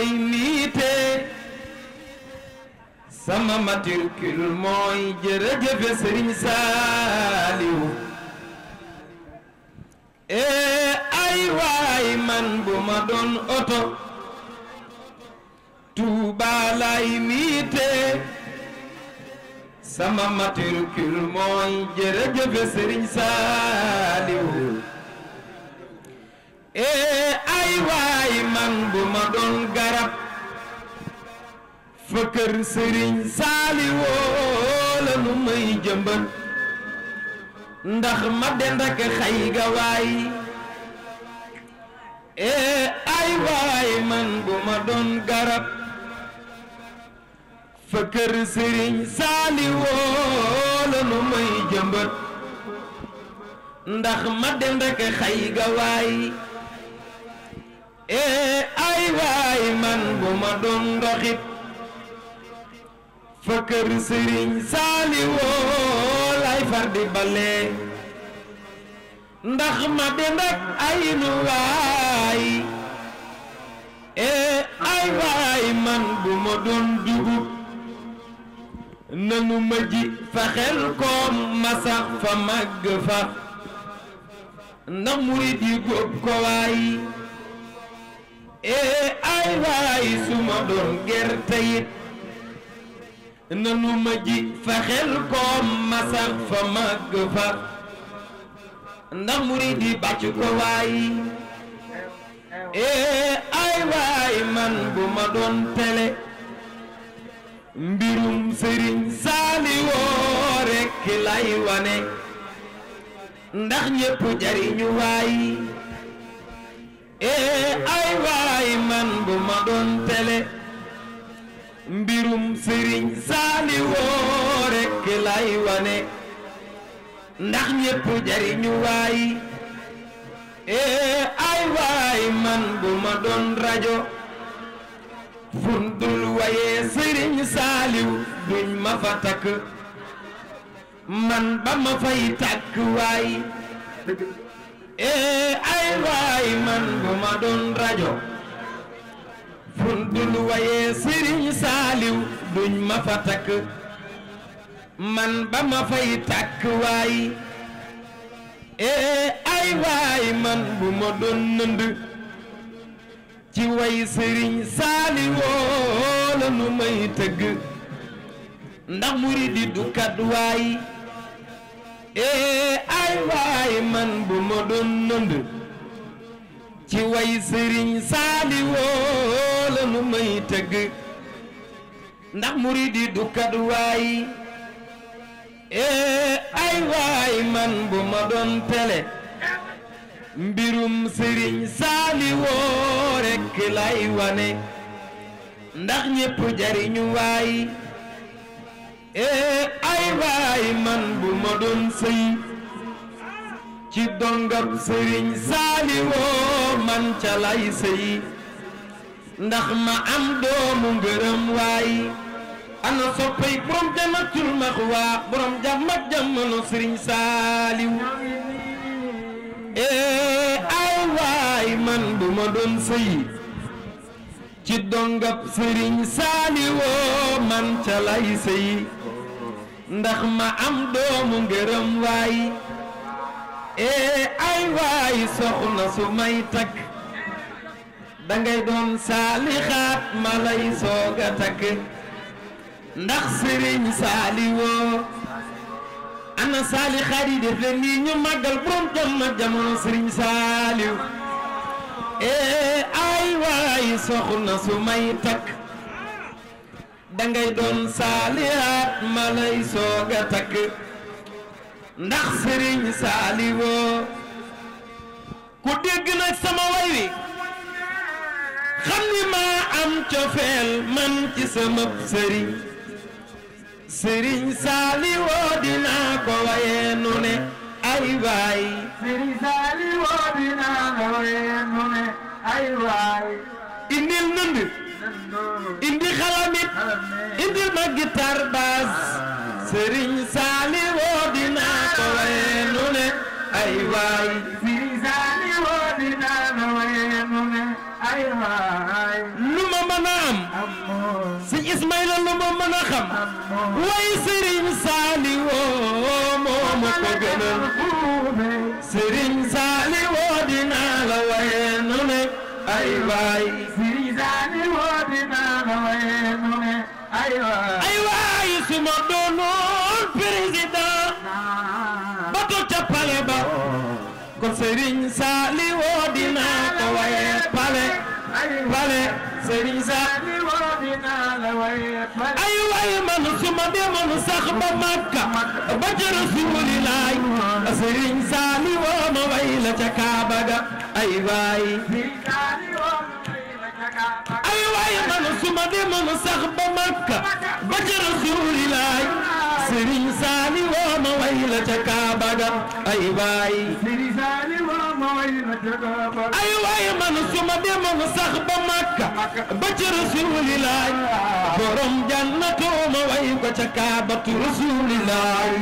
lay niite sama matricule mooy jërëjëf Sëriñ Saaliw ee ay waay man bu ma doon oto Tuuba lay sama matricule mooy jërëjëf Sëriñ Saaliw ee ay waay ndax ma dend ak xay ga waay ee ay waay man bu ma doon garab fa kër sëriñ saaliwoo la may jëmbat ndax ma dend ak xay ga waay e, ee ay waay man bu ma doon doxit fa kër sëriñ saaliwoo lay far di bale ndax ma dend ak ay nu waay ee ay waay man bu ma doon dugub nanu ma ji fa xel koom ma fa màgg fa ndax murid yi góob ko waay ee ay waay su ma doon gerte yit nanu ma ji fa xel koom ma fa màgg fa ndax murid yi bàcc ko waay ee ay waay man bu ma doon tele mbirum sëriñ saaliwoo rekk lay wane ndax ñépp jariñu waay ee eh, ay waay man bu ma doon tele mbirum sëriñ saaliwoo rekk lay wane ndax ñépp jariñu waay ee eh, ay waay man bu ma doon rajo fundul wayee sëriñ saaliw duñ ma fa takk man ba ma fay takk waay ee eh, ay waay man bu ma doon rajo fundul wayee sëriñ saaliw duñ ma fa takk man ba ma fay takk waay ee eh, ay waay man bu ma doon nënd ci way sëriñ saaliwoo la may tëgg ndax muri di dukat waay ee ay waay man bu ma doon nënd ci way sëriñ saaliwoo la nu may tëgg ndax murid yi du kat waay ee ay waay man bu ma doon tele mbirum sëriñ saaliwoo rekk lay wane ndax ñépp jariñu waay ee ay waay man bu ma doon sëy ci dongab sëriñ saaliwoo man ca lay sëy ndax ma am doomu ngërëm waay ana soppay borom janatul max waa borom jàmm ak sëriñ saaliw ee ay waay man bu ma doon sëy ci dongab sëriñ saaliwoo man ca lay sëy ndax ma am doomu ngërëm waay ee ay waay soxna su may takk dangay doon saalixaat ma lay soog a takk ndax sëriñ saaliwoo ana saalixaat yi def leen ñu màggal borom jàmm ak jamono sëriñ saaliw ee ay waay soxna su may takk dangay doon saalihaat ma lay soog a takk ndax sëriñ saaliwoo ku dégg na sama way wi xam ni maa am cofeel man ci sama sëriñ sëriñ saaliwoo dinaa ko wayee ko wayee ne ay waay indil nënd indi xalamit indi ma guitar bass sëriñ saali woo dinaa ko waye nu ne ay waay sëriñ saali woo dinaa ko waye nu ne ay waay lu ma mën a am sëñ Ismaïla lu ma mën a xam way sëriñ saali woo moo ma ko gënal sëriñ saali woo dinaa la waye nu ne ay waay daani woo dinaa la waaye nu ne aywa aywa yi su ma doonoon président ba ko ca pale ba ko Serigne Sali woo dinaa ko waaye pale pale Serigne Sali woo dinaa la waaye pale aywa yi man su ma demoon sax ba Makka ba ca Rasulilaay Serigne Sali woo ma way la ca Kaaba ga aywa yi ay waay man suma demoon sax ba Makka ba ca Rasuulilaay Sëriñ Saali woo ma way la ca Kaaba ga ay waay ay waay man suma demoon sax ba Makka ba ca Rasuulilaay borom jannatu ma way ko ca Kaabatu Rasuulilaay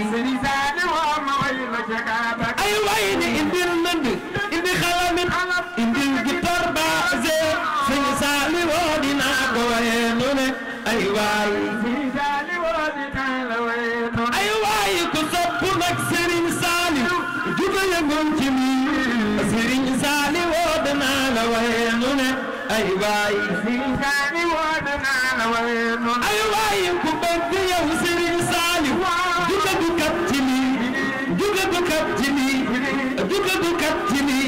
ay waay ni indil nandi saali woo dinaa ko wayee nu ne ay waay ay waay ku sopp nag sëriñ saali juga yëngul ci mi sëriñ saali woo dinaa la wayee nu ne ay waay ay waay ku bëgg yow du kat ci mi du kat ci mi du kat ci mi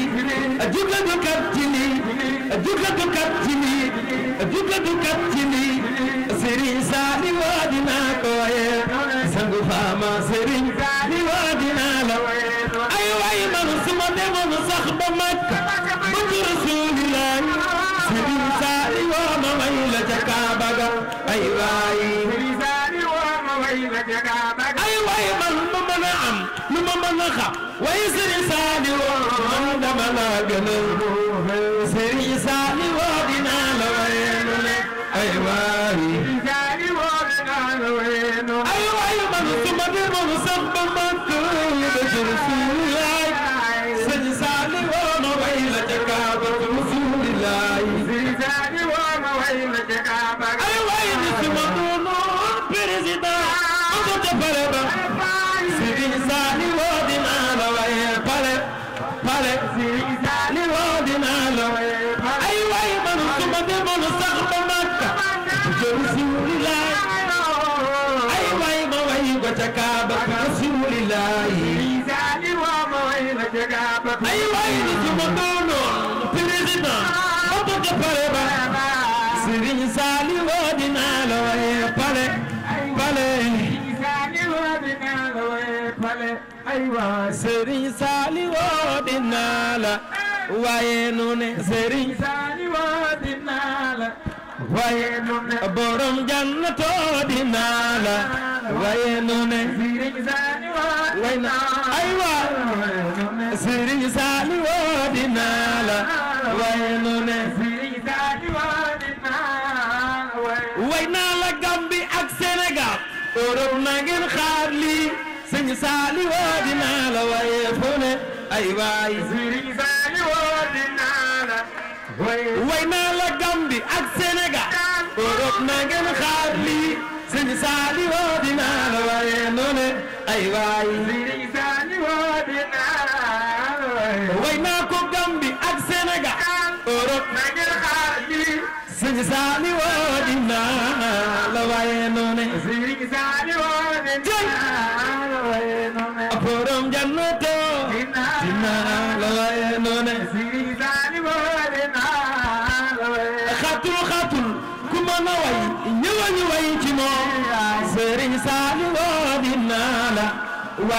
du kat ci mi du kat jublatu kat ci lii sëriñ saali woo dinaa ko wayee sangu faama sëriñ saali woo dinaa la ay waay man su ma demoon sax ba Makka bëgg Rasulullah sëriñ saali woo ma way la ca Kaaba ga ay waay ay waay man lu ma mën a am lu ma mën a xam waaye sëriñ saali woo man dama la gënal Hadi bakalım. ay waay ni ci ma a président ba pare ba Serigne Saliou dinaa la wooye pale pale ay waay Serigne Saliou dinaa la waaye nu ne Serigne Saliou waaye borom jannatoo dinaa la waaye nu ne way na aywa sëriñ saali woo dinaa la waaye way naa Gambi ak Sénégal Europe na ngeen xaar lii sëñ saali woo dinaa la waaye fu ne ay waay way naa Gambi ak Europe na ngeen xaar lii sëñ Saali woo dinaa la waree noonu ay waay sëñ Saali woo dinaa la waree way naa ko Gambie ak Sénégal Europe na ngeen xaar lii sëñ Saali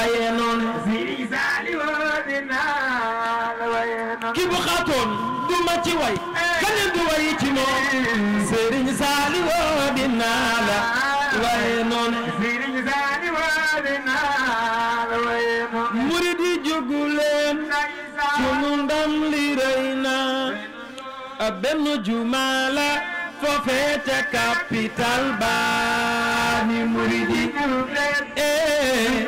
wayeenoon si saali woodinaa la wayeenoon ki bu xaatoon du ma ci way keneen du way ci moom sëriñ saali woodinaa la wayeenoon sëriñ saali woodinaa la wayeenoon murid yi jógu leen sunu ndam li rëy na benn jumaa la foofee ca capital ba ni yi eh,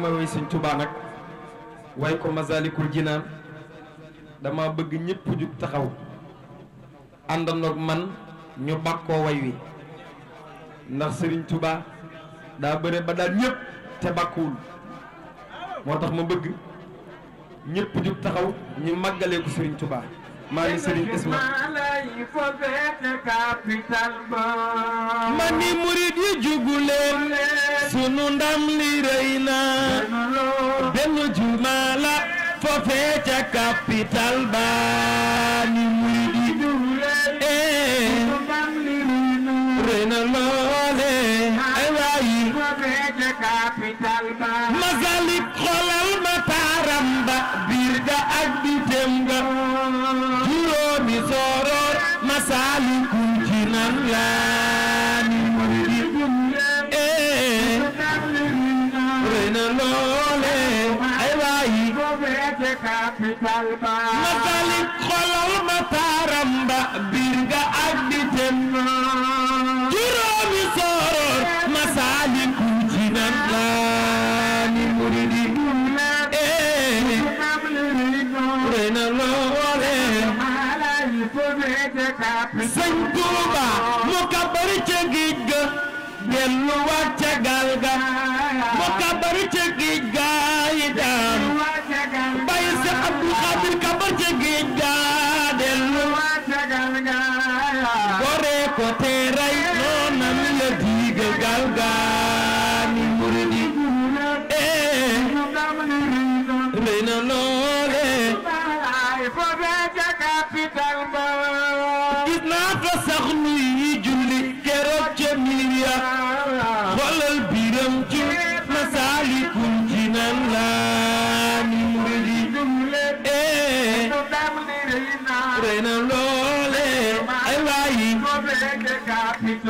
ma woy Sëñ Tuubaa nag way ko Masaalikul Jinaan dama bëgg ñépp jug taxaw àndandoog man ñu bàkkoo way wi ndax Sëriñ Tuubaa daa bëre ba daal ñëpp te bàkkuwul moo tax ma bëgg ñëpp jug taxaw ñu màggalee ko Serigne Touba ma ni murid yi juguleen sunu ndam li rëy na benn jumaa foofee ca capital ba ni murid yi juguleen eh. sunu ndam na loole ay sëñ Tuuba mu kabari ca géej ga delluwaat ca gaal ga mu kabari ca géej ga yi daan bàyyi sa Abdul Xaadir kabar ca géej ga delluwaat ca gaal ga goree ko teeray noonam la diiga gaal ga ni muridi ee eh, rëy na loole foofe ca capital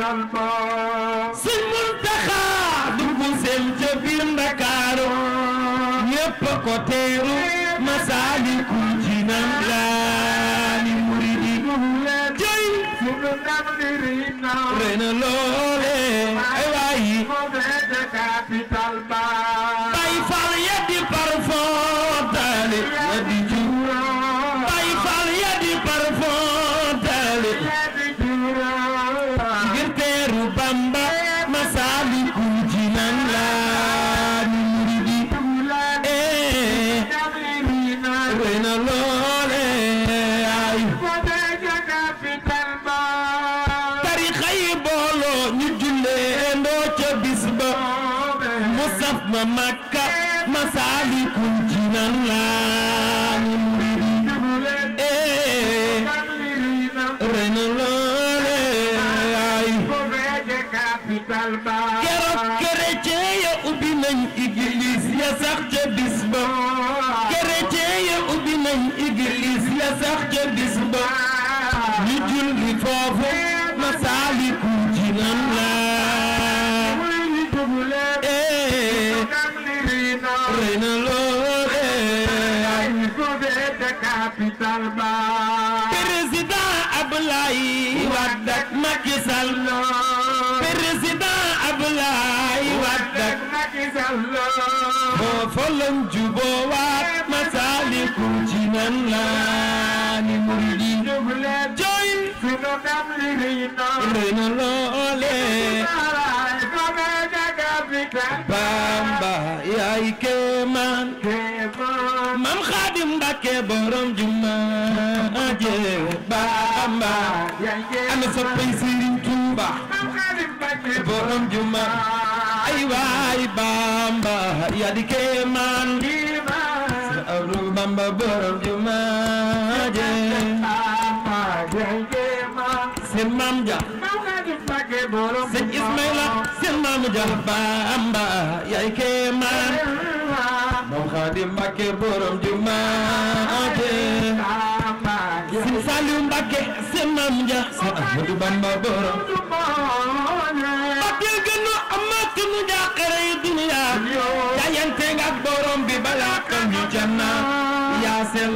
sëñ Muntaxa dugg seen ca biir Ndakaaru ñépp ko teeru Masaalikul Jinaan laa ni muridi jëy rena loole ay sax ca bis ba ñu julli foofu Masaalikul Jinaan la ee rëy na lool président Ablaye Wade ak Macky Sall président Ablaye Wade ak Macky Sall foofa lañ nan la ni muridi join rena loole bamba yaay kemaan mam xaadim mbàkke borom juma je bamba ana soppay sëriñ tuuba borom juma ay waay bamba yaa di kemaan Bamba borom jumaa je seen maam ja seen Ismaila seen maam ja Bamba yaay kéemaan moom Xaadim Mbàkke borom jumaa je seen Saliw Mbàkke seen borom bi balaa sell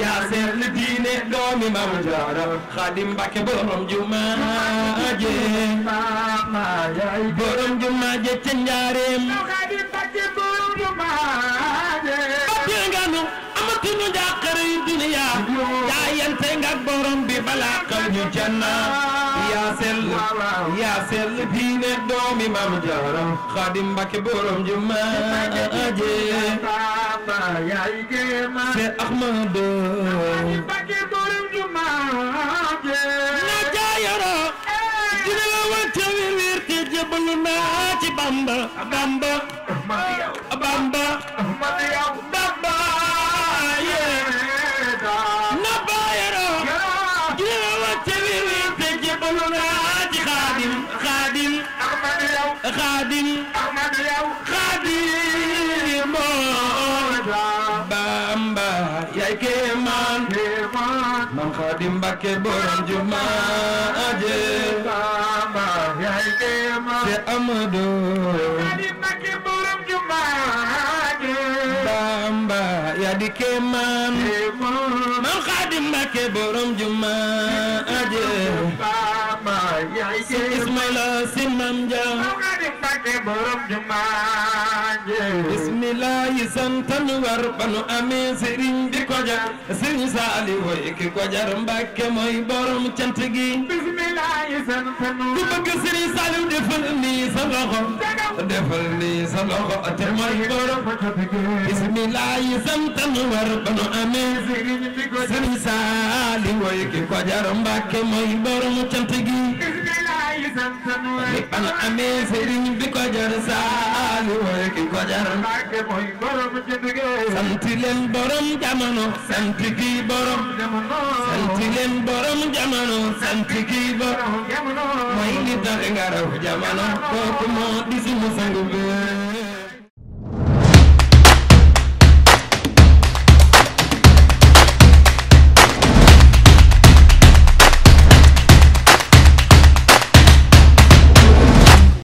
yaa sell diine doomi mam jaara xaadim mbàkke borom juma je borom juma je ca njaareem xaadim mbàkke borom juma je fàtte nga nu amatuñu njàqare yu duniya jaayante nga borom bi balaa xam ñu janna sell yaa sell diine doomi maam jaara xaadim mbàkke borom juma je Seex Ahmadu mbàkke borom juma je na jaayara dina la wante wir wir te jébbalu naa ci Bamba Bamba Bamba ki Mbàkke borom juma aje sama yaay kema te Amadu di Mbàkke borom juma aje Bamba yaa di keman man Xaadim Mbàkke borom juma aje sama yaay kema Ismaila Simam Jaa Mbàkke borom jumaa je bismillaahi santal war banu amee sëriñ bi ko jar sëriñ saali woy ki ko borom cant bismillaahi santal ku amee sëriñ saali woy ki ko borom cant li ban amee sëriñ bi ko jar saali wala ki ko jar. sant leen borom jamono. sant kii borom. sant leen borom jamono. sant kii borom. mooy li tax nga raw jamono. kooku moo di suñu sang bi.